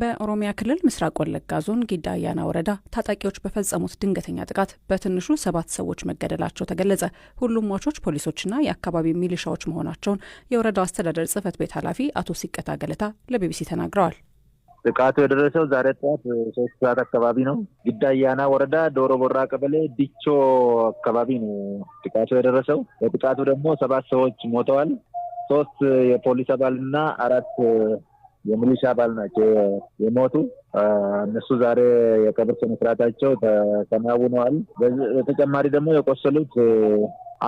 በኦሮሚያ ክልል ምስራቅ ወለጋ ዞን ጊዳ አያና ወረዳ ታጣቂዎች በፈጸሙት ድንገተኛ ጥቃት በትንሹ ሰባት ሰዎች መገደላቸው ተገለጸ። ሁሉም ሟቾች ፖሊሶችና የአካባቢ ሚሊሻዎች መሆናቸውን የወረዳው አስተዳደር ጽህፈት ቤት ኃላፊ አቶ ሲቀታ ገለታ ለቢቢሲ ተናግረዋል። ጥቃቱ የደረሰው ዛሬ ጠዋት ሶስት ሰዓት አካባቢ ነው። ግዳ አያና ወረዳ ዶሮ ቦራ ቀበሌ ዲቾ አካባቢ ነው ጥቃቱ የደረሰው። በጥቃቱ ደግሞ ሰባት ሰዎች ሞተዋል። ሶስት የፖሊስ አባልና አራት የሚሊሻ አባል ናቸው የሞቱ እነሱ ዛሬ የቀብር ስነስርዓታቸው ተከናውነዋል። በተጨማሪ ደግሞ የቆሰሉት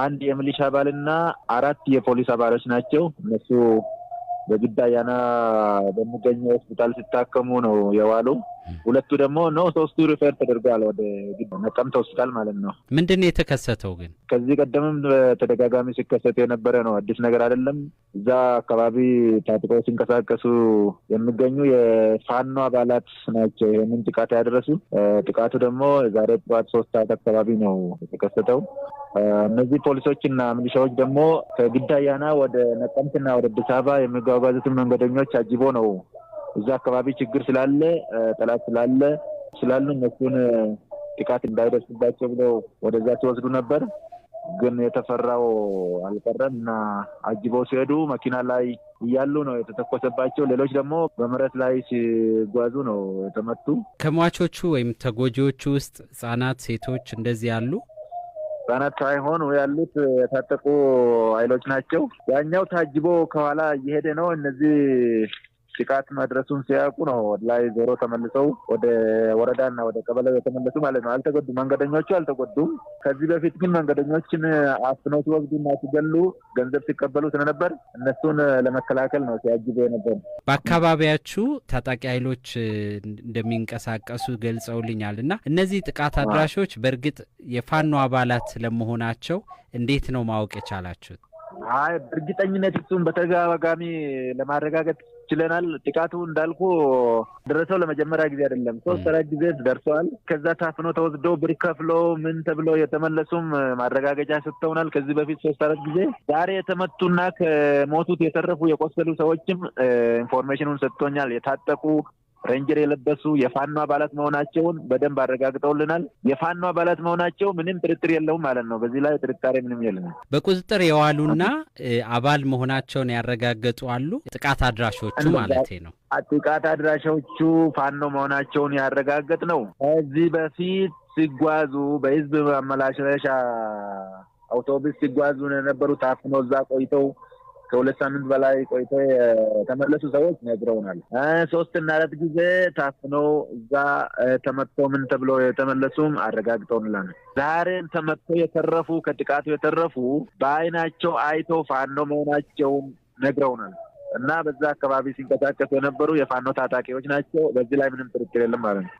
አንድ የሚሊሻ አባልና አራት የፖሊስ አባሎች ናቸው። እነሱ በግዳ አያና በሚገኘው ሆስፒታል ሲታከሙ ነው የዋሉ። ሁለቱ ደግሞ ነው ሶስቱ ሪፌር ተደርገዋል ወደ ነቀምት ሆስፒታል ማለት ነው። ምንድን ነው የተከሰተው ግን ከዚህ ቀደምም በተደጋጋሚ ሲከሰት የነበረ ነው። አዲስ ነገር አይደለም። እዛ አካባቢ ታጥቆ ሲንቀሳቀሱ የሚገኙ የፋኖ አባላት ናቸው ይህንን ጥቃት ያደረሱ። ጥቃቱ ደግሞ የዛሬ ጥዋት ሶስት ሰዓት አካባቢ ነው የተከሰተው። እነዚህ ፖሊሶችና ሚሊሻዎች ደግሞ ከግዳያና ወደ ነቀምትና ወደ አዲስ አበባ የሚጓጓዙትን መንገደኞች አጅቦ ነው እዛ አካባቢ ችግር ስላለ ጠላት ስላለ ስላሉ እነሱን ጥቃት እንዳይደርስባቸው ብለው ወደዛ ሲወስዱ ነበር። ግን የተፈራው አልቀረም እና አጅበው ሲሄዱ መኪና ላይ እያሉ ነው የተተኮሰባቸው። ሌሎች ደግሞ በመሬት ላይ ሲጓዙ ነው የተመቱ። ከሟቾቹ ወይም ተጎጂዎቹ ውስጥ ህጻናት፣ ሴቶች እንደዚህ አሉ ህጻናት ሳይሆኑ ያሉት የታጠቁ ኃይሎች ናቸው። ያኛው ታጅቦ ከኋላ እየሄደ ነው። እነዚህ ጥቃት መድረሱን ሲያውቁ ነው ላይ ዞሮ ተመልሰው ወደ ወረዳና ወደ ቀበሌ የተመለሱ ማለት ነው። አልተጎዱም፣ መንገደኞቹ አልተጎዱም። ከዚህ በፊት ግን መንገደኞችን አፍነው ሲወስዱና ሲገሉ ገንዘብ ሲቀበሉ ስለነበር እነሱን ለመከላከል ነው ሲያጅበ ነበር። በአካባቢያችሁ ታጣቂ ኃይሎች እንደሚንቀሳቀሱ ገልጸውልኛል እና እነዚህ ጥቃት አድራሾች በእርግጥ የፋኖ አባላት ለመሆናቸው እንዴት ነው ማወቅ የቻላችሁት? አይ በእርግጠኝነት እሱን በተደጋጋሚ ለማረጋገጥ ችለናል። ጥቃቱ እንዳልኩ ደረሰው ለመጀመሪያ ጊዜ አይደለም፣ ሶስት አራት ጊዜ ደርሰዋል። ከዛ ታፍኖ ተወስዶ ብር ከፍሎ ምን ተብሎ የተመለሱም ማረጋገጫ ሰጥተውናል። ከዚህ በፊት ሶስት አራት ጊዜ ዛሬ የተመቱና ከሞቱት የተረፉ የቆሰሉ ሰዎችም ኢንፎርሜሽኑን ሰጥቶኛል። የታጠቁ ሬንጀር የለበሱ የፋኖ አባላት መሆናቸውን በደንብ አረጋግጠውልናል። የፋኖ አባላት መሆናቸው ምንም ጥርጥር የለውም ማለት ነው። በዚህ ላይ ጥርጣሬ ምንም የለም። በቁጥጥር የዋሉና አባል መሆናቸውን ያረጋገጡ አሉ። ጥቃት አድራሾቹ ማለት ነው። ጥቃት አድራሾቹ ፋኖ መሆናቸውን ያረጋገጥ ነው። ከዚህ በፊት ሲጓዙ በህዝብ ማመላለሻ አውቶቡስ ሲጓዙ የነበሩ ታፍኖ እዛ ቆይተው ከሁለት ሳምንት በላይ ቆይተ የተመለሱ ሰዎች ነግረውናል። ሶስት እና አራት ጊዜ ታፍነው እዛ ተመቶ ምን ተብሎ የተመለሱም አረጋግጠውንላል። ዛሬም ተመቶ የተረፉ ከጥቃቱ የተረፉ በአይናቸው አይቶ ፋኖ መሆናቸውም ነግረውናል። እና በዛ አካባቢ ሲንቀሳቀሱ የነበሩ የፋኖ ታጣቂዎች ናቸው። በዚህ ላይ ምንም ጥርጥር የለም ማለት ነው።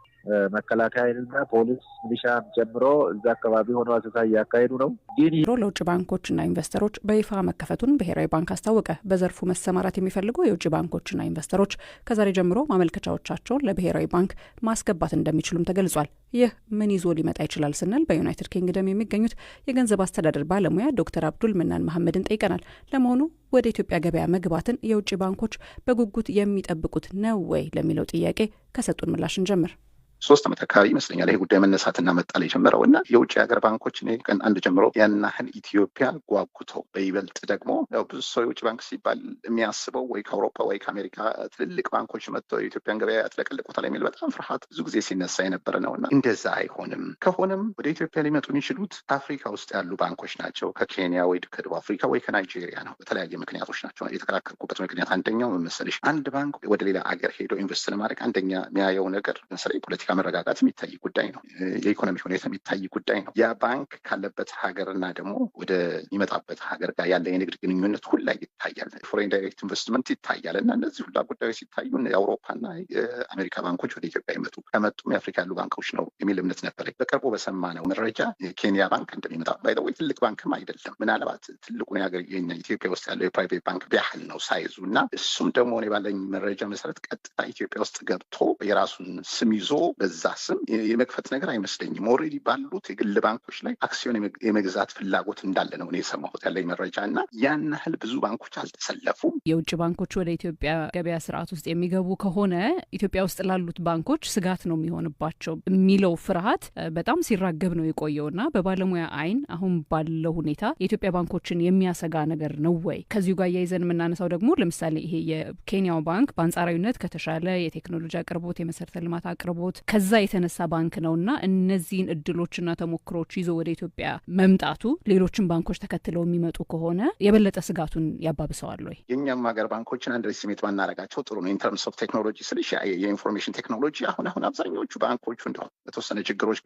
መከላከያ ኃይልና ፖሊስ ሚሊሻን ጀምሮ እዛ አካባቢ ሆኖ አሰሳ እያካሄዱ ነው። ይህ ለውጭ ባንኮችና ኢንቨስተሮች በይፋ መከፈቱን ብሔራዊ ባንክ አስታወቀ። በዘርፉ መሰማራት የሚፈልጉ የውጭ ባንኮችና ኢንቨስተሮች ከዛሬ ጀምሮ ማመልከቻዎቻቸውን ለብሔራዊ ባንክ ማስገባት እንደሚችሉም ተገልጿል። ይህ ምን ይዞ ሊመጣ ይችላል ስንል በዩናይትድ ኪንግደም የሚገኙት የገንዘብ አስተዳደር ባለሙያ ዶክተር አብዱል ምናን መሐመድን ጠይቀናል። ለመሆኑ ወደ ኢትዮጵያ ገበያ መግባትን የውጭ ባንኮች በጉጉት የሚጠብቁት ነው ወይ ለሚለው ጥያቄ ከሰጡን ምላሽ እንጀምር። ሶስት ዓመት አካባቢ ይመስለኛል ይሄ ጉዳይ መነሳትና መጣል የጀመረው እና የውጭ ሀገር ባንኮች እኔ ቀን አንድ ጀምሮ ያናህን ኢትዮጵያ ጓጉቶ በይበልጥ ደግሞ ያው ብዙ ሰው የውጭ ባንክ ሲባል የሚያስበው ወይ ከአውሮፓ ወይ ከአሜሪካ ትልልቅ ባንኮች መጥተው የኢትዮጵያን ገበያ ያጥለቀልቁታል የሚል በጣም ፍርሃት ብዙ ጊዜ ሲነሳ የነበረ ነው እና እንደዛ አይሆንም። ከሆነም ወደ ኢትዮጵያ ሊመጡ የሚችሉት አፍሪካ ውስጥ ያሉ ባንኮች ናቸው። ከኬንያ ወይ ከደቡብ አፍሪካ ወይ ከናይጄሪያ ነው። በተለያየ ምክንያቶች ናቸው የተከራከርኩበት ምክንያት አንደኛው መመሰለሽ አንድ ባንክ ወደ ሌላ አገር ሄዶ ኢንቨስት ለማድረግ አንደኛ የሚያየው ነገር መሰለኝ የፖለቲካ መረጋጋት የሚታይ ጉዳይ ነው። የኢኮኖሚ ሁኔታ የሚታይ ጉዳይ ነው። ያ ባንክ ካለበት ሀገርና ደግሞ ወደሚመጣበት ሀገር ጋር ያለ የንግድ ግንኙነት ሁላ ይታያል። ፎሬን ዳይሬክት ኢንቨስትመንት ይታያል እና እነዚህ ሁላ ጉዳዮች ሲታዩ የአውሮፓና የአሜሪካ ባንኮች ወደ ኢትዮጵያ ይመጡ ከመጡም የአፍሪካ ያሉ ባንኮች ነው የሚል እምነት ነበረ። በቅርቡ በሰማነው መረጃ የኬንያ ባንክ እንደሚመጣ ባይዘወይ ትልቅ ባንክም አይደለም። ምናልባት ትልቁን ያገር ኢትዮጵያ ውስጥ ያለው የፕራይቬት ባንክ ቢያህል ነው ሳይዙ እና እሱም ደግሞ እኔ ባለኝ መረጃ መሰረት ቀጥታ ኢትዮጵያ ውስጥ ገብቶ የራሱን ስም ይዞ በዛ ስም የመክፈት ነገር አይመስለኝም። ኦልሬዲ ባሉት የግል ባንኮች ላይ አክሲዮን የመግዛት ፍላጎት እንዳለ ነው እኔ የሰማሁት ያለኝ መረጃ እና ያን ያህል ብዙ ባንኮች አልተሰለፉም። የውጭ ባንኮች ወደ ኢትዮጵያ ገበያ ስርዓት ውስጥ የሚገቡ ከሆነ ኢትዮጵያ ውስጥ ላሉት ባንኮች ስጋት ነው የሚሆንባቸው የሚለው ፍርሃት በጣም ሲራገብ ነው የቆየው እና በባለሙያ አይን አሁን ባለው ሁኔታ የኢትዮጵያ ባንኮችን የሚያሰጋ ነገር ነው ወይ? ከዚሁ ጋር እያይዘን የምናነሳው ደግሞ ለምሳሌ ይሄ የኬንያው ባንክ በአንጻራዊነት ከተሻለ የቴክኖሎጂ አቅርቦት፣ የመሰረተ ልማት አቅርቦት ከዛ የተነሳ ባንክ ነውና እነዚህን እድሎችና ተሞክሮች ይዞ ወደ ኢትዮጵያ መምጣቱ ሌሎችን ባንኮች ተከትለው የሚመጡ ከሆነ የበለጠ ስጋቱን ያባብሰዋል ወይ? የእኛም ሀገር ባንኮችን አንድ ስሜት ባናረጋቸው ጥሩ ነው። ኢንተርምስ ኦፍ ቴክኖሎጂ ስልሽ የኢንፎርሜሽን ቴክኖሎጂ አሁን አሁን አብዛኛዎቹ ባንኮቹ እንደሁም በተወሰነ ችግሮች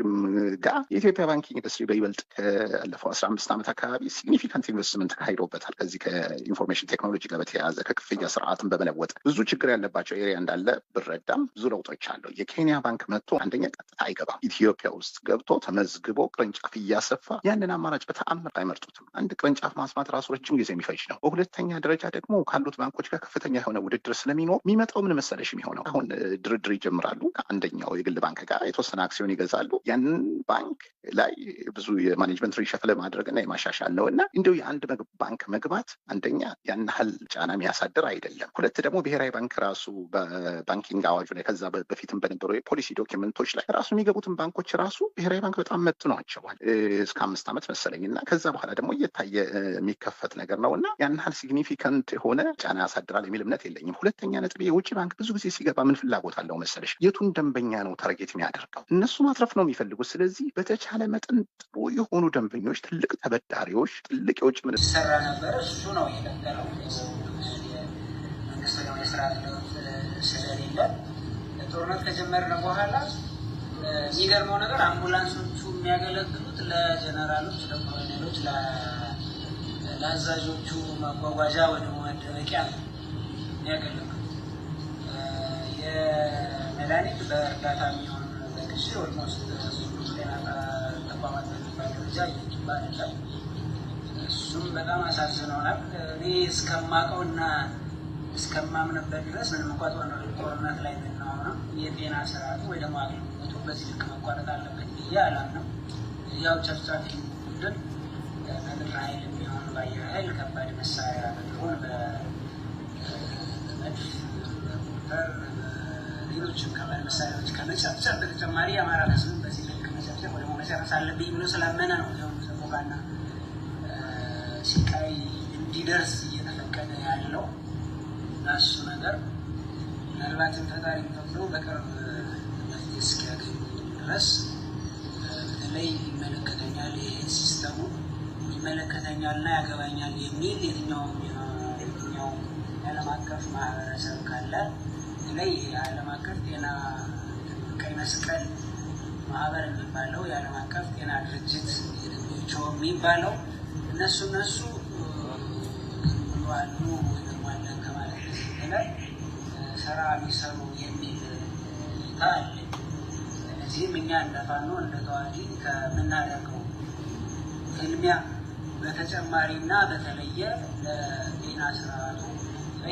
ጋር የኢትዮጵያ ባንኪንግ ኢንዱስትሪ በይበልጥ ከለፈው አስራ አምስት ዓመት አካባቢ ሲግኒፊካንት ኢንቨስትመንት ተካሂዶበታል። ከዚህ ከኢንፎርሜሽን ቴክኖሎጂ ጋር በተያያዘ ከክፍያ ስርዓትን በመለወጥ ብዙ ችግር ያለባቸው ኤሪያ እንዳለ ብረዳም ብዙ ለውጦች አለው። የኬንያ ባንክ መጥቶ አንደኛ ቀጥታ አይገባም። ኢትዮጵያ ውስጥ ገብቶ ተመዝግቦ ቅርንጫፍ እያሰፋ ያንን አማራጭ በተአምር አይመርጡትም። አንድ ቅርንጫፍ ማስማት ራሱ ረጅም ጊዜ የሚፈጅ ነው። በሁለተኛ ደረጃ ደግሞ ካሉት ባንኮች ጋር ከፍተኛ የሆነ ውድድር ስለሚኖር የሚመጣው ምን መሰለሽ የሚሆነው አሁን ድርድር ይጀምራሉ። ከአንደኛው የግል ባንክ ጋር የተወሰነ አክሲዮን ይገዛሉ። ያንን ባንክ ላይ ብዙ የማኔጅመንት ሪሸፍ ለማድረግና የማሻሻል ነው እና እንዲሁ የአንድ ባንክ መግባት አንደኛ ያን ያህል ጫና የሚያሳድር አይደለም። ሁለት ደግሞ ብሔራዊ ባንክ ራሱ በባንኪንግ አዋጁ ላይ ከዛ በፊትም በነበረው የፖሊሲ ዶኪመንቶች ላይ ራሱ የሚገቡትን ባንኮች ራሱ ብሔራዊ ባንክ በጣም መጥኗቸዋል። እስከ አምስት ዓመት መሰለኝ እና ከዛ በኋላ ደግሞ እየታየ የሚከፈት ነገር ነው እና ያን ያህል ሲግኒፊካንት የሆነ ጫና ያሳድራል የሚል እምነት የለኝም። ሁለተኛ ነጥብ የውጭ ባንክ ብዙ ጊዜ ሲገባ ምን ፍላጎት አለው መሰለሽ? የቱን ደንበኛ ነው ታርጌት የሚያደርገው? እነሱ ማትረፍ ነው የሚፈልጉት። ስለዚህ በተቻለ መጠን ጥሩ የሆኑ ደንበኞች፣ ትልቅ ተበዳሪዎች፣ ትልቅ የውጭ ምን ሰራ እሱ ነው የነገረው መንግስት ጦርነት ከጀመርን በኋላ የሚገርመው ነገር አምቡላንሶቹ የሚያገለግሉት ለጀነራሎች፣ ለኮሎኔሎች፣ ለአዛዦቹ መጓጓዣ ወይ መደበቂያ ነው የሚያገለግሉት። የመድኃኒት በእርዳታ የሚሆን በግዢ ኦልሞስት ጤና ተቋማት በሚባል ደረጃ እሱም በጣም አሳዝነውናል። እኔ እስከማውቀውና እስከማምንበት ድረስ ምንም እንኳ ጦርነት ላይ የምናሆነው የጤና ስርዓቱ ወይ ደግሞ አገልግሎቱ በዚህ ልክ መቋረጥ አለበት ብዬ አላምንም። ያው ጨፍጫፊ ቡድን በምድር ኃይል የሚሆን በአየር ኃይል ከባድ መሳሪያ በድሮን፣ በመድፍ፣ በሞተር፣ ሌሎችም ከባድ መሳሪያዎች ከመጨፍጨፍ በተጨማሪ የአማራ ህዝብ በዚህ ልክ መጨፍጨፍ ወይ መጨረስ አለብኝ ብሎ ስላመነ ነው ሆን ሰቆቃና ስቃይ እንዲደርስ እሱ ነገር ምናልባትም ፈጣሪ ፈቅዶ በቅርብ መፍትሄ እስኪያገኝ ድረስ በተለይ ይመለከተኛል፣ ይሄ ሲስተሙ ይመለከተኛልና ያገባኛል የሚል የትኛውም የትኛው የዓለም አቀፍ ማህበረሰብ ካለ በተለይ የዓለም አቀፍ ጤና ቀይ መስቀል ማህበር የሚባለው የዓለም አቀፍ ጤና ድርጅት የሚባለው እነሱ እነሱ አሉ ስራ ሊሰሩ የሚል እይታ አለ። እዚህም እኛ እንደፋኖ እንደ ተዋጊ ከምናደርገው ፍልሚያ በተጨማሪና በተለየ ለጤና ስርዓቱ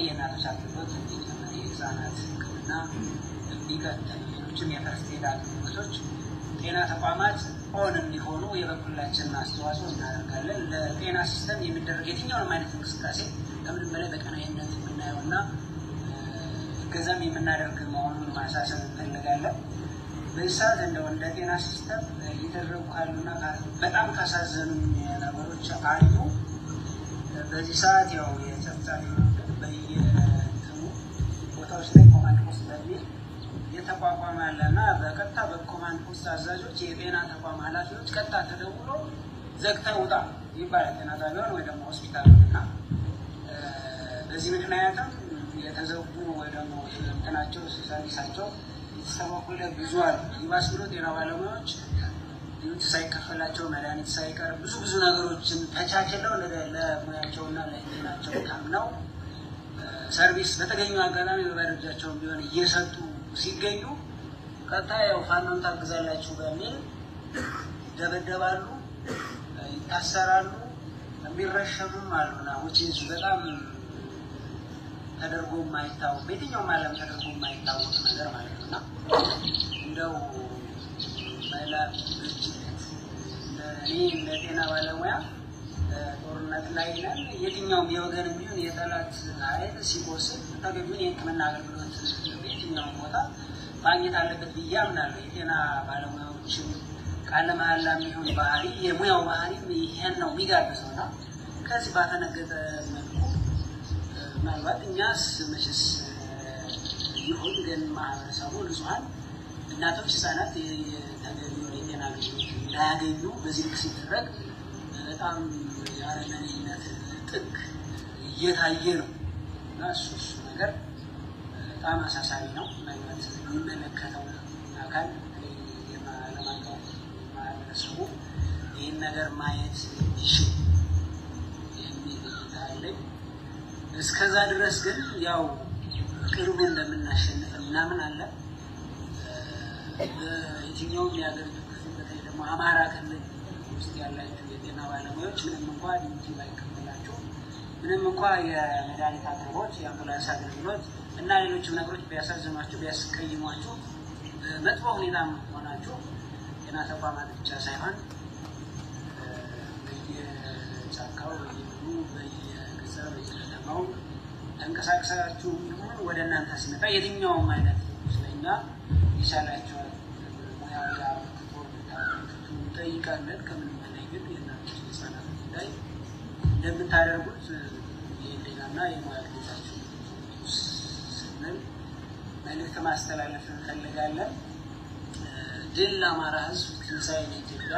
የእናቶች አገልግሎት እንዲጨምር፣ የህፃናት ሕክምና እንዲቀጥል፣ ሌሎችም የፈርስት ኤድ አገልግሎቶች ጤና ተቋማት ኦን እንዲሆኑ የበኩላችንን አስተዋጽኦ እናደርጋለን። ለጤና ሲስተም የሚደረግ የትኛውንም አይነት እንቅስቃሴ ከምንም በላይ በቀናይነት የምናየው የምናየውና እገዛም የምናደርግ መሆኑን ማሳሰብ እንፈልጋለን። በዚህ ሰዓት እንደው እንደ ጤና ሲስተም እየደረጉ ካሉና በጣም ካሳዘኑ ነገሮች አንዱ በዚህ ሰዓት ያው የጸጥታ በየትኑ ቦታዎች ላይ ኮማንድ ፖስት በሚል የተቋቋመ አለና በቀጥታ በኮማንድ ፖስት አዛዦች፣ የጤና ተቋም ኃላፊዎች ቀጥታ ተደውሎ ዘግተህ ውጣ ይባላል ጤና ጣቢያን ወይ ደግሞ ሆስፒታል እና በዚህ ምክንያትም የተዘጉ ወይ ደግሞ እንትናቸው ሰርቪሳቸው የተስተጓጎለ ብዙ አሉ። ይባስ ብሎ ጤና ባለሙያዎች ዲዩቲ ሳይከፈላቸው መድኃኒት ሳይቀር ብዙ ብዙ ነገሮችን ተቻችለው ለሙያቸውና ለጤናቸው ታምነው ሰርቪስ በተገኙ አጋጣሚ በባደረጃቸውን ቢሆን እየሰጡ ሲገኙ ቀጥታ ያው ፋኖን ታግዛላችሁ በሚል ይደበደባሉ፣ ይታሰራሉ፣ የሚረሸኑም አሉና ውጪ በጣም ተደርጎ የማይታወቅ በየትኛውም ዓለም ተደርጎ የማይታወቅ ነገር ማለት ነው እና እንደው መላፍ እኔ እንደ ጤና ባለሙያ ጦርነት ላይ ነን። የትኛውም የወገን የሚሆን የጠላት ኃይል ሲቆስል ተገቢውን የሕክምና አገልግሎት በየትኛውም ቦታ ማግኘት አለበት ብዬ አምናለሁ። የጤና ባለሙያዎችም ቃለ መሀላ የሚሆን ባህሪ የሙያው ባህሪ ይሄን ነው የሚጋብዘው እና ከዚህ ባፈነገጠ ምናልባት እኛስ መቼስ ይሁን ግን ማህበረሰቡ ንጹሀን እናቶች፣ ህጻናት ተገቢውን የጤና አገልግሎት እንዳያገኙ በዚህ ልክ ሲደረግ በጣም የአረመኔነት ጥግ እየታየ ነው እና እሱ እሱ ነገር በጣም አሳሳቢ ነው። ምናልባት የሚመለከተው አካል ዓለም ማህበረሰቡ ይህን ነገር ማየት ይችል የሚል ታለኝ እስከዛ ድረስ ግን ያው ቅርቡ እንደምናሸንፍ ምናምን አለ። በየትኛውም የሀገሪቱ ክፍል በተለይ ደግሞ አማራ ክልል ውስጥ ያላቸው የጤና ባለሙያዎች ምንም እንኳ ዲቲ ባይቀበላቸው ምንም እንኳ የመድኃኒት አቅርቦት፣ የአምቡላንስ አገልግሎት እና ሌሎችም ነገሮች ቢያሳዝኗቸው ቢያስቀይሟቸው መጥፎ ሁኔታ ሆናችሁ ጤና ተቋማት ብቻ ሳይሆን በየጫካው በየምኑ በየገዛ በየ ነው ተንቀሳቅሳችሁ ወደ እናንተ ሲመጣ የትኛውም አይነት ስለኛ ይሻላችኋል። ጠይቃለን። ከምን በላይ ግን የእናንተ ህጻናት ጉዳይ እንደምታደርጉት የሌላና የሙያ ግዴታችሁ ስንል መልእክት ማስተላለፍ እንፈልጋለን። ድል ለአማራ ህዝብ ትንሣኤ ለኢትዮጵያ።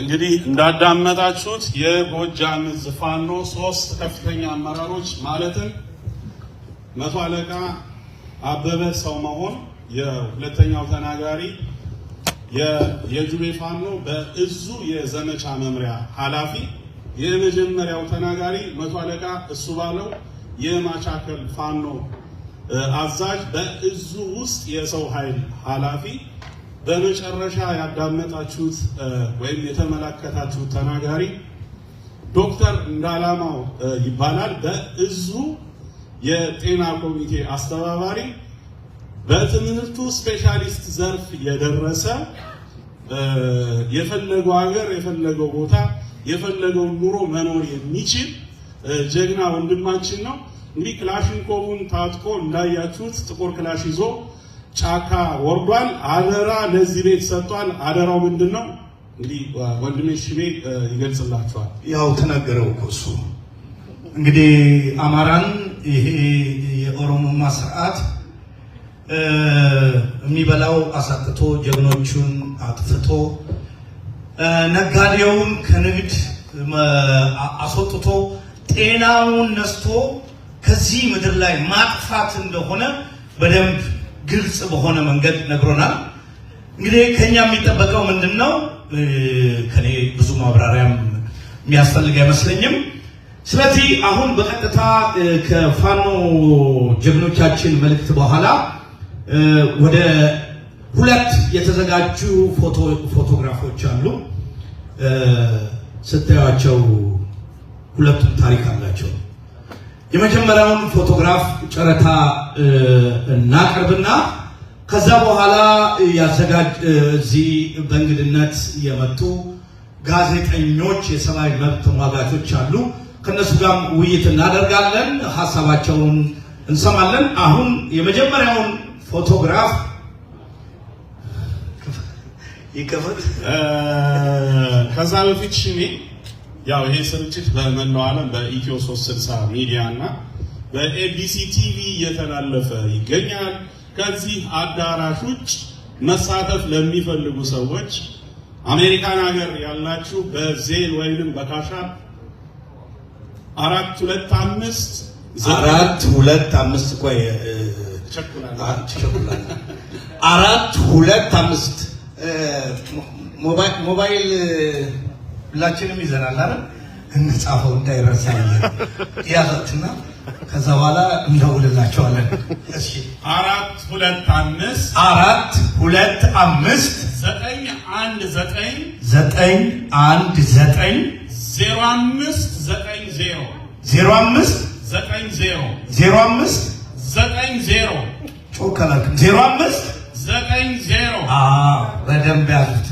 እንግዲህ እንዳዳመጣችሁት የጎጃም ዝፋኖ ፋኖ ሶስት ከፍተኛ አመራሮች ማለትም መቶ አለቃ አበበ ሰው መሆን የሁለተኛው ተናጋሪ የጁቤ ፋኖ በእዙ የዘመቻ መምሪያ ኃላፊ፣ የመጀመሪያው ተናጋሪ መቶ አለቃ እሱ ባለው የማቻከል ፋኖ አዛዥ በእዙ ውስጥ የሰው ኃይል ኃላፊ በመጨረሻ ያዳመጣችሁት ወይም የተመለከታችሁት ተናጋሪ ዶክተር እንዳላማው ይባላል። በእዙ የጤና ኮሚቴ አስተባባሪ፣ በትምህርቱ ስፔሻሊስት ዘርፍ የደረሰ የፈለገው ሀገር የፈለገው ቦታ የፈለገው ኑሮ መኖር የሚችል ጀግና ወንድማችን ነው። እንግዲህ ክላሽንኮቡን ታጥቆ እንዳያችሁት ጥቁር ክላሽ ይዞ ጫካ ወርዷል። አደራ ለዚህ ቤት ሰጥቷል። አደራው ምንድን ነው? እንግዲህ ወንድሜ ሽሜ ይገልጽላቸዋል። ያው ተነገረው እሱ እንግዲህ አማራን ይሄ የኦሮሞማ ስርዓት የሚበላው አሳጥቶ ጀግኖቹን አጥፍቶ ነጋዴውን ከንግድ አስወጥቶ ጤናውን ነስቶ ከዚህ ምድር ላይ ማጥፋት እንደሆነ በደንብ ግልጽ በሆነ መንገድ ነግሮናል። እንግዲህ ከኛ የሚጠበቀው ምንድን ነው? ከኔ ብዙ ማብራሪያም የሚያስፈልግ አይመስለኝም። ስለዚህ አሁን በቀጥታ ከፋኖ ጀግኖቻችን መልእክት በኋላ ወደ ሁለት የተዘጋጁ ፎቶግራፎች አሉ። ስታዩቸው ሁለቱም ታሪክ አላቸው። የመጀመሪያውን ፎቶግራፍ ጨረታ እናቀርብና ከዛ በኋላ ያዘጋጅ እዚህ በእንግድነት የመጡ ጋዜጠኞች የሰብአዊ መብት ተሟጋቾች አሉ። ከነሱ ጋር ውይይት እናደርጋለን፣ ሀሳባቸውን እንሰማለን። አሁን የመጀመሪያውን ፎቶግራፍ ይከፈት ከዛ በፊት ያው ይሄ ስርጭት በመላው ዓለም በኢትዮ 360 ሚዲያ እና በኤቢሲ ቲቪ እየተላለፈ ይገኛል። ከዚህ አዳራሽ ውጭ መሳተፍ ለሚፈልጉ ሰዎች አሜሪካን ሀገር ያላችሁ በዜል ወይንም በካሻ አራት ሁለት አምስት አራት ሁለት አምስት ቆይ አራት ሁለት አምስት ሞባይል ሁላችንም ይዘናል አይደል? እንጻፈው እንዳይረሳ ያዘትና ከዛ በኋላ እንደውልላቸዋለን። እሺ አራት ሁለት አምስት አራት ሁለት አምስት ዘጠኝ አንድ ዘጠኝ ዘጠኝ አንድ ዘጠኝ ዜሮ አምስት ዘጠኝ ዜሮ ዜሮ አምስት ዘጠኝ ዜሮ ዜሮ አምስት ዘጠኝ ዜሮ ጮከላክ ዜሮ አምስት ዘጠኝ ዜሮ በደንብ ያሉት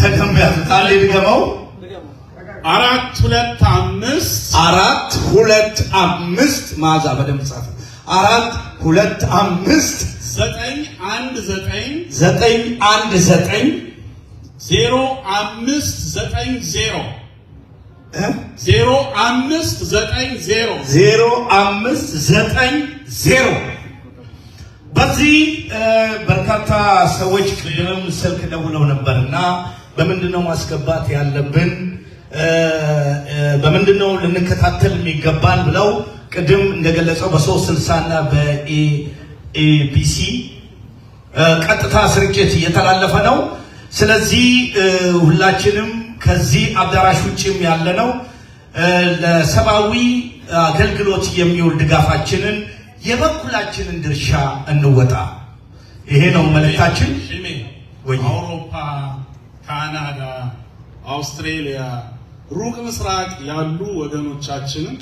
በደንብ ያሉት አለ ድገመው አራት ሁለት አምስት አራት ሁለት አምስት ማዛ በደምብ ጻፈ። አራት ሁለት አምስት ዘጠኝ አንድ ዘጠኝ ዘጠኝ አንድ ዘጠኝ ዜሮ አምስት ዘጠኝ ዜሮ ዜሮ አምስት ዘጠኝ ዜሮ ዜሮ አምስት ዘጠኝ ዜሮ። በዚህ በርካታ ሰዎች ቅድም ስልክ ደውለው ነበርና በምንድነው ማስገባት ያለብን? በምንድነው ልንከታተል የሚገባን ብለው ቅድም እንደገለጸው በሶስት ስልሳ እና በኤቢሲ ቀጥታ ስርጭት እየተላለፈ ነው። ስለዚህ ሁላችንም ከዚህ አዳራሽ ውጭም ያለ ነው ለሰብአዊ አገልግሎት የሚውል ድጋፋችንን የበኩላችንን ድርሻ እንወጣ። ይሄ ነው መልእክታችን። አውሮፓ፣ ካናዳ፣ አውስትሬሊያ ሩቅ ምስራቅ ያሉ ወገኖቻችንን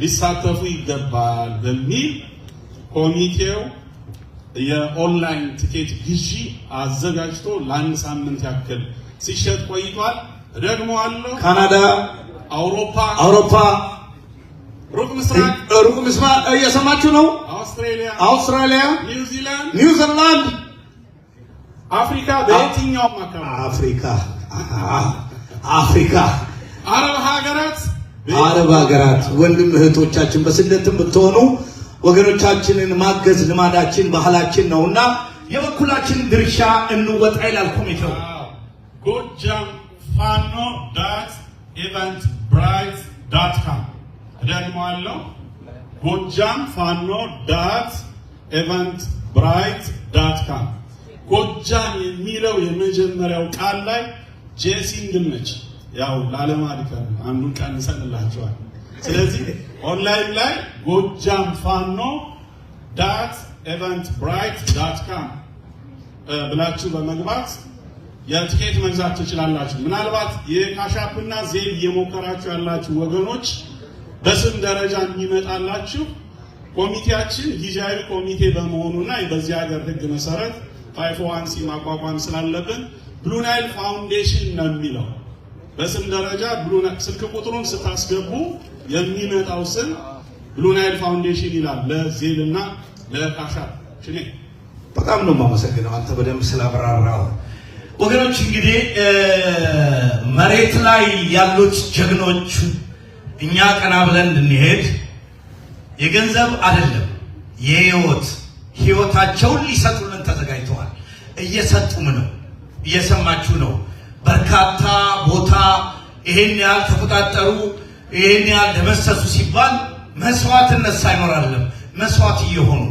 ሊሳተፉ ይገባል በሚል ኮሚቴው የኦንላይን ቲኬት ግዢ አዘጋጅቶ ለአንድ ሳምንት ያክል ሲሸጥ ቆይቷል። ደግሞ አለው ካናዳ፣ አውሮፓ አውሮፓ ሩቅ ምስራቅ ሩቅ ምስራቅ እየሰማችሁ ነው። አውስትራሊያ አውስትራሊያ፣ ኒውዚላንድ ኒውዚላንድ፣ አፍሪካ በየትኛውም አካባቢ አፍሪካ አፍሪካ አረብ ሀገራት አረብ ሀገራት ወንድም እህቶቻችን በስደትም ብትሆኑ ወገኖቻችንን ማገዝ ልማዳችን ባህላችን ነውና የበኩላችን ድርሻ እንወጣ ይላል ኮሚቴው። ጎጃም ፋኖ ዳት ኢቨንት ብራይት ዳት ካም እደግመዋለሁ። ጎጃም ፋኖ ዳት ኢቨንት ብራይት ዳት ካም ጎጃም የሚለው የመጀመሪያው ቃል ላይ ጄሲ እንድነች ያው ለዓለም አንዱን ቀንሰንላቸዋል። ስለዚህ ኦንላይን ላይ ጎጃም ፋኖ ዳት ኤቨንት ብራይት ዳት ካም ብላችሁ በመግባት የትኬት መግዛት ትችላላችሁ። ምናልባት የካሻፕና ዜል እየሞከራችሁ ያላችሁ ወገኖች በስም ደረጃ የሚመጣላችሁ ኮሚቴያችን ጊዜያዊ ኮሚቴ በመሆኑና በዚህ ሀገር ሕግ መሰረት ፋይፎ ማቋቋም ስላለብን ብሉናይል ፋውንዴሽን ነው የሚለው በስም ደረጃ ስልክ ቁጥሩን ስታስገቡ የሚመጣው ስም ብሉ ናይል ፋውንዴሽን ይላል። ለዜል እና ለካሻ ሽኔ በጣም ነው የማመሰግነው አንተ በደንብ ስላብራራው። ወገኖች እንግዲህ መሬት ላይ ያሉት ጀግኖች እኛ ቀና ብለን እንድንሄድ የገንዘብ አይደለም የህይወት ህይወታቸውን ሊሰጡልን ተዘጋጅተዋል። እየሰጡም ነው። እየሰማችሁ ነው። በርካታ ቦታ ይሄን ያህል ተቆጣጠሩ፣ ይሄን ያህል ደመሰሱ ሲባል መስዋዕትነት ሳይኖር አይደለም፣ መስዋዕት እየሆኑ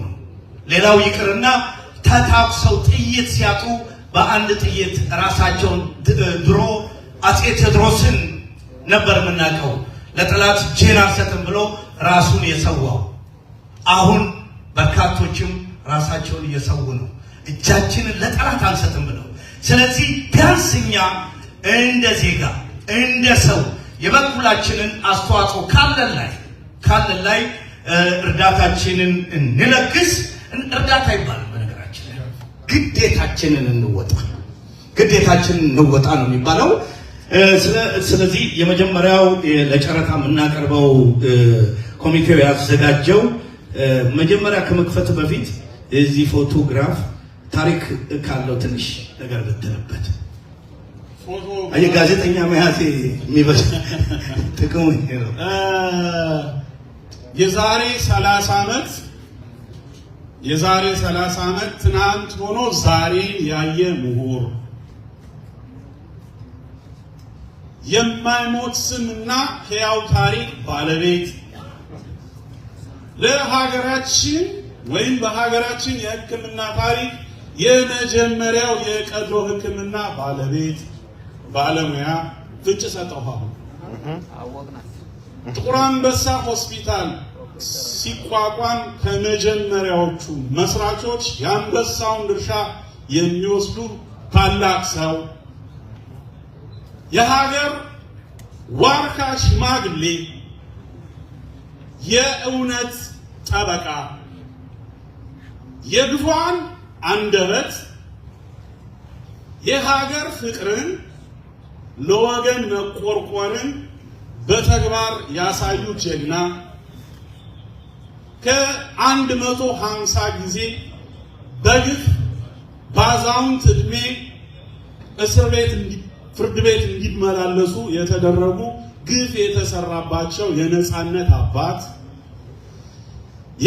ሌላው ይቅርና ተታኩሰው ጥይት ሲያጡ በአንድ ጥይት ራሳቸውን ድሮ አፄ ቴዎድሮስን ነበር የምናውቀው ለጠላት እጄን አልሰጥም ብሎ ራሱን የሰዋው። አሁን በርካቶችም ራሳቸውን እየሰው ነው። እጃችንን ለጠላት አልሰጥም ብለው ስለዚህ ቢያንስ እኛ እንደ ዜጋ እንደ ሰው የበኩላችንን አስተዋጽኦ ካለን ላይ ካለን ላይ እርዳታችንን እንለግስ። እርዳታ ይባላል በነገራችን ግዴታችንን እንወጣ ግዴታችንን እንወጣ ነው የሚባለው። ስለዚህ የመጀመሪያው ለጨረታ የምናቀርበው ኮሚቴው ያዘጋጀው መጀመሪያ ከመክፈት በፊት እዚህ ፎቶግራፍ ታሪክ ካለው ትንሽ ነገር ብትልበት አየ ጋዜጠኛ መያዝ የሚበስ ጥቅሙ ነው። የዛሬ 30 ዓመት የዛሬ 30 ዓመት ትናንት ሆኖ ዛሬ ያየ ምሁር የማይሞት ስምና ሕያው ታሪክ ባለቤት ለሀገራችን ወይም በሀገራችን የሕክምና ታሪክ የመጀመሪያው የቀዶ ሕክምና ባለቤት ባለሙያ ፍንጭ ሰጠኋሁ። ጥቁር አንበሳ ሆስፒታል ሲቋቋም ከመጀመሪያዎቹ መስራቾች የአንበሳውን ድርሻ የሚወስዱ ታላቅ ሰው የሀገር ዋርካ ሽማግሌ፣ የእውነት ጠበቃ የግፏን አንደበት የሀገር ፍቅርን ለወገን መቆርቆርን በተግባር ያሳዩ ጀግና ከአንድ መቶ ሃምሳ ጊዜ በግፍ በአዛውንት እድሜ እስር ቤት ፍርድ ቤት እንዲመላለሱ የተደረጉ ግፍ የተሰራባቸው የነፃነት አባት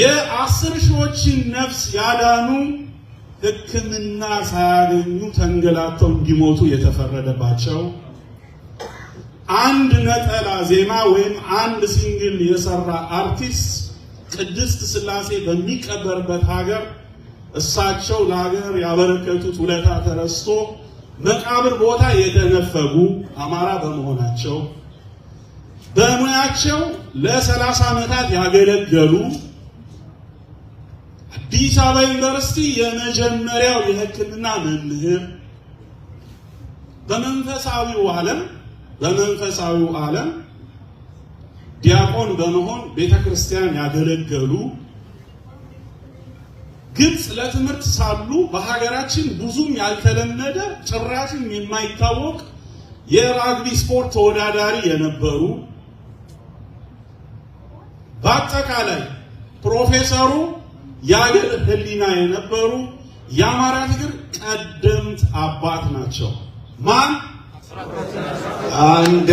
የአስር ሺዎችን ነፍስ ያዳኑ ሕክምና ሳያገኙ ተንገላተው እንዲሞቱ የተፈረደባቸው አንድ ነጠላ ዜማ ወይም አንድ ሲንግል የሰራ አርቲስት ቅድስት ስላሴ በሚቀበርበት ሀገር እሳቸው ለሀገር ያበረከቱት ውለታ ተረስቶ መቃብር ቦታ የተነፈጉ አማራ በመሆናቸው በሙያቸው ለሰላሳ ዓመታት ያገለገሉ አዲስ አበባ ዩኒቨርሲቲ የመጀመሪያው የሕክምና መምህር በመንፈሳዊው ዓለም በመንፈሳዊው ዓለም ዲያቆን በመሆን ቤተ ክርስቲያን ያገለገሉ ግብፅ ለትምህርት ሳሉ በሀገራችን ብዙም ያልተለመደ ጭራሽም የማይታወቅ የራግቢ ስፖርት ተወዳዳሪ የነበሩ በአጠቃላይ ፕሮፌሰሩ የአገር ህሊና የነበሩ የአማራ ነገር ቀደምት አባት ናቸው። ማን አንድ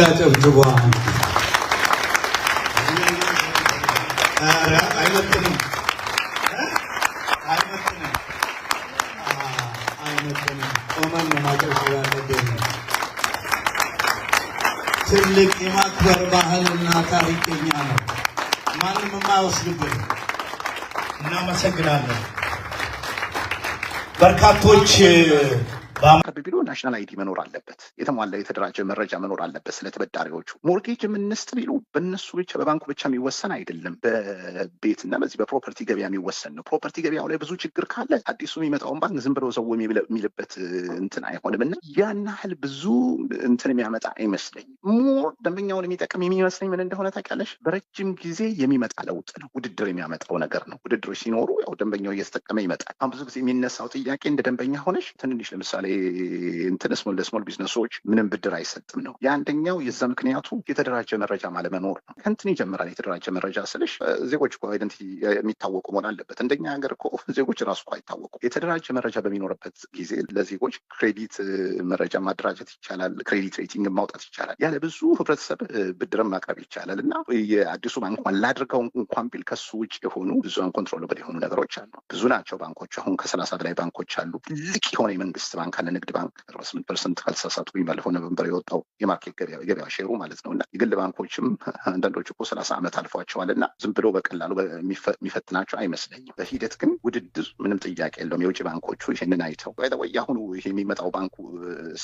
አይመጥንም ትልቅ የማክበር ባህልና ታሪክ ነው። ማንም የማይወስድብን እናመሰግናለን። በርካቶች ቢሮ ናሽናል አይዲ መኖር አለበት፣ የተሟላ የተደራጀ መረጃ መኖር አለበት ስለ ተበዳሪዎቹ። ሞርጌጅ ምንስት ቢሉ በእነሱ ብቻ በባንኩ ብቻ የሚወሰን አይደለም፣ በቤትና በዚህ በፕሮፐርቲ ገበያ የሚወሰን ነው። ፕሮፐርቲ ገበያው ላይ ብዙ ችግር ካለ አዲሱ የሚመጣውን ባንክ ዝም ብሎ ሰው የሚልበት እንትን አይሆንም እና ያን ያህል ብዙ እንትን የሚያመጣ አይመስለኝም። ሞር ደንበኛውን የሚጠቅም የሚመስለኝ ምን እንደሆነ ታውቂያለሽ? በረጅም ጊዜ የሚመጣ ለውጥ ነው። ውድድር የሚያመጣው ነገር ነው። ውድድሮች ሲኖሩ ያው ደንበኛው እየተጠቀመ ይመጣል። አሁን ብዙ ጊዜ የሚነሳው ጥያቄ እንደ ደንበኛ ሆነሽ ትንንሽ ለምሳሌ እንትን ለስሞል ቢዝነሶች ምንም ብድር አይሰጥም ነው። የአንደኛው የዛ ምክንያቱ የተደራጀ መረጃ ማለመኖር ነው። ከንትን ይጀምራል። የተደራጀ መረጃ ስልሽ ዜጎች አይደንቲ የሚታወቁ መሆን አለበት። እንደኛ ሀገር እኮ ዜጎች ራሱ እኮ አይታወቁ። የተደራጀ መረጃ በሚኖርበት ጊዜ ለዜጎች ክሬዲት መረጃ ማደራጀት ይቻላል። ክሬዲት ሬቲንግ ማውጣት ይቻላል። ያለ ብዙ ህብረተሰብ ብድርን ማቅረብ ይቻላል እና የአዲሱ ባንኳን ላድርገው እንኳን ቢል ከሱ ውጭ የሆኑ ብዙ አንኮንትሮል የሆኑ ነገሮች አሉ። ብዙ ናቸው ባንኮች። አሁን ከሰላሳ በላይ ባንኮች አሉ። ትልቅ የሆነ የመንግስት ባንክ ከነ ንግድ ባንክ አርባ ስምንት ፐርሰንት ካልተሳሳትኩኝ ባለፈው ነቨምበር የወጣው የማርኬት ገበያ ሼሩ ማለት ነው እና የግል ባንኮችም አንዳንዶች እኮ ሰላሳ ዓመት አልፏቸዋል እና ዝም ብሎ በቀላሉ የሚፈትናቸው አይመስለኝም። በሂደት ግን ውድድር ምንም ጥያቄ የለውም። የውጭ ባንኮቹ ይህንን አይተው ወይ አሁኑ የሚመጣው ባንኩ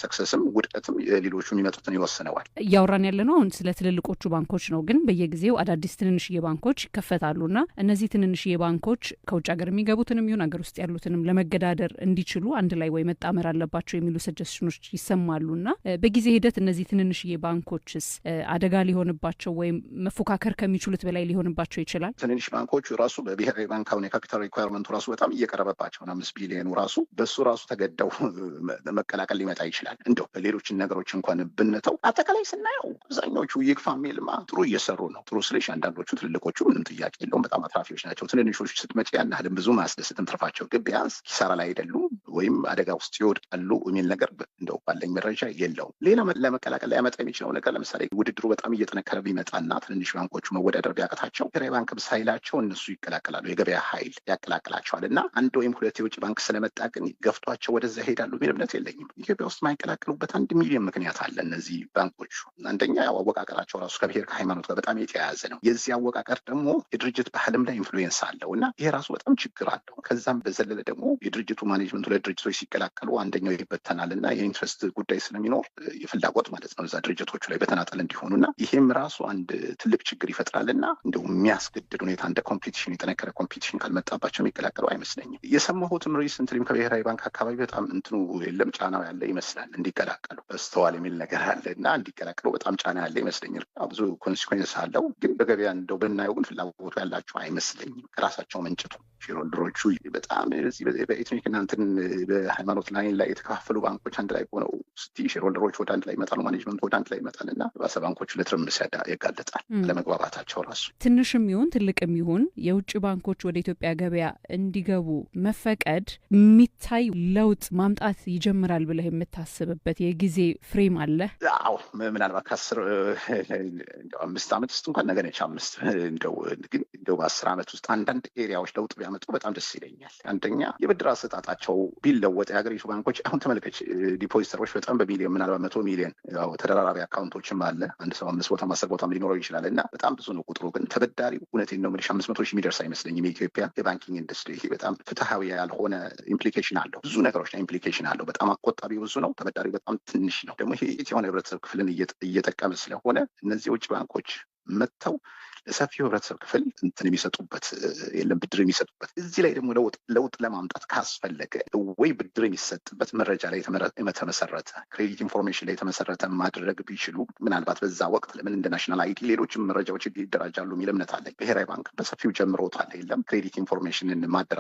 ሰክሰስም ውድቀትም ሌሎቹ የሚመጡትን ይወስነዋል። እያወራን ያለ ነው አሁን ስለ ትልልቆቹ ባንኮች ነው። ግን በየጊዜው አዳዲስ ትንንሽዬ ባንኮች ይከፈታሉና እነዚህ ትንንሽዬ ባንኮች ከውጭ ሀገር የሚገቡትንም ይሁን ሀገር ውስጥ ያሉትንም ለመገዳደር እንዲችሉ አንድ ላይ ወይ መጣመር አለ አለባቸው የሚሉ ሰጀስሽኖች ይሰማሉ። ና በጊዜ ሂደት እነዚህ ትንንሽዬ ባንኮችስ አደጋ ሊሆንባቸው ወይም መፎካከር ከሚችሉት በላይ ሊሆንባቸው ይችላል? ትንንሽ ባንኮቹ ራሱ በብሔራዊ ባንክ አሁን የካፒታል ሪኳርመንቱ ራሱ በጣም እየቀረበባቸው አምስት ቢሊዮኑ ራሱ በሱ ራሱ ተገደው መቀላቀል ሊመጣ ይችላል። እንደው ሌሎችን ነገሮች እንኳን ብንተው አጠቃላይ ስናየው አብዛኛዎቹ ይግፋ ሜልማ ጥሩ እየሰሩ ነው። ጥሩ ስልሽ አንዳንዶቹ ትልልቆቹ ምንም ጥያቄ የለውም በጣም አትራፊዎች ናቸው። ትንንሾች ስትመጪ ያናህልም ብዙ ማስደስትም ትርፋቸው፣ ግን ቢያንስ ኪሳራ ላይ አይደሉም። ወይም አደጋ ውስጥ ይወድቃሉ የሚል ነገር እንደው ባለኝ መረጃ የለውም። ሌላ ለመቀላቀል ሊያመጣ የሚችለው ነገር ለምሳሌ ውድድሩ በጣም እየጠነከረ ቢመጣና ትንንሽ ባንኮቹ መወዳደር ቢያቀታቸው ብሔራዊ ባንክም ሳይላቸው እነሱ ይቀላቀላሉ። የገበያ ኃይል ያቀላቅላቸዋል እና አንድ ወይም ሁለት የውጭ ባንክ ስለመጣ ግን ገፍቷቸው ወደዛ ይሄዳሉ የሚል እምነት የለኝም። ኢትዮጵያ ውስጥ የማይቀላቀሉበት አንድ ሚሊዮን ምክንያት አለ። እነዚህ ባንኮቹ አንደኛ ያው አወቃቀራቸው ራሱ ከብሔር ከሃይማኖት ጋር በጣም የተያያዘ ነው። የዚህ አወቃቀር ደግሞ የድርጅት ባህልም ላይ ኢንፍሉዌንስ አለው እና ይሄ ራሱ በጣም ችግር አለው። ከዛም በዘለለ ደግሞ የድርጅቱ ማኔጅመንቱ ድርጅቶች ሲቀላቀሉ አንደኛው ይበተናል እና የኢንትረስት ጉዳይ ስለሚኖር የፍላጎት ማለት ነው እዛ ድርጅቶቹ ላይ በተናጠል እንዲሆኑ እና ይሄም ራሱ አንድ ትልቅ ችግር ይፈጥራል እና እንደው የሚያስገድድ ሁኔታ እንደ ኮምፒቲሽን የጠነከረ ኮምፒቲሽን ካልመጣባቸው የሚቀላቀሉ አይመስለኝም። የሰማሁትም ሪሰንትሊም ከብሔራዊ ባንክ አካባቢ በጣም እንትኑ የለም ጫናው ያለ ይመስላል እንዲቀላቀሉ በስተዋል የሚል ነገር አለ እና እንዲቀላቀሉ በጣም ጫና ያለ ይመስለኛል። ብዙ ኮንሲኮንስ አለው ግን በገበያ እንደው ብናየው ግን ፍላጎቱ ያላቸው አይመስለኝም። ከራሳቸው መንጭቱ ሼርሆልደሮቹ በጣም በኤትኒክ እናንትን በሃይማኖት ላይ ላይ የተካፈሉ ባንኮች አንድ ላይ ሆነው ስቲ ሼርሆልደሮች ወደ አንድ ላይ ይመጣሉ፣ ማኔጅመንት ወደ አንድ ላይ ይመጣል እና ባሰ ባንኮቹ ለትርምስ ያጋለጣል። ለመግባባታቸው ራሱ ትንሽም ይሁን ትልቅም ይሁን የውጭ ባንኮች ወደ ኢትዮጵያ ገበያ እንዲገቡ መፈቀድ የሚታይ ለውጥ ማምጣት ይጀምራል ብለህ የምታስብበት የጊዜ ፍሬም አለ? አዎ ምናልባት ከአስር አምስት ዓመት ውስጥ እንኳን ነገ ነች አምስት እንደው ግን እንደው በአስር ዓመት ውስጥ አንዳንድ ኤሪያዎች ለውጥ ቢያመጡ በጣም ደስ ይለኛል። አንደኛ የብድር አሰጣጣቸው ቢለወጥ የሀገሪቱ ባንኮች አሁን ተመልከች፣ ዲፖዚተሮች በጣም በሚሊዮን ምናልባት መቶ ሚሊዮን ተደራራቢ አካውንቶችም አለ። አንድ ሰው አምስት ቦታ አስር ቦታም ሊኖረው ይችላል እና በጣም ብዙ ነው ቁጥሩ። ግን ተበዳሪው እውነቴን ነው የምልሽ አምስት መቶ ሺህ የሚደርስ አይመስለኝም። የኢትዮጵያ የባንኪንግ ኢንዱስትሪ በጣም ፍትሐዊ ያልሆነ ኢምፕሊኬሽን አለው። ብዙ ነገሮች ላይ ኢምፕሊኬሽን አለው። በጣም አቆጣቢ ብዙ ነው፣ ተበዳሪው በጣም ትንሽ ነው። ደግሞ ይሄ የሆነ ህብረተሰብ ክፍልን እየጠቀመ ስለሆነ እነዚህ የውጭ ባንኮች መጥተው ሰፊው ህብረተሰብ ክፍል እንትን የሚሰጡበት የለም ብድር የሚሰጡበት። እዚህ ላይ ደግሞ ለውጥ ለማምጣት ካስፈለገ ወይ ብድር የሚሰጥበት መረጃ ላይ የተመሰረተ ክሬዲት ኢንፎርሜሽን ላይ የተመሰረተ ማድረግ ቢችሉ ምናልባት በዛ ወቅት ለምን እንደ ናሽናል አይዲ ሌሎችም መረጃዎች ይደራጃሉ የሚል እምነት አለ ብሔራዊ ባንክ በሰፊው ጀምሮታል። የለም ክሬዲት ኢንፎርሜሽንን ማደራ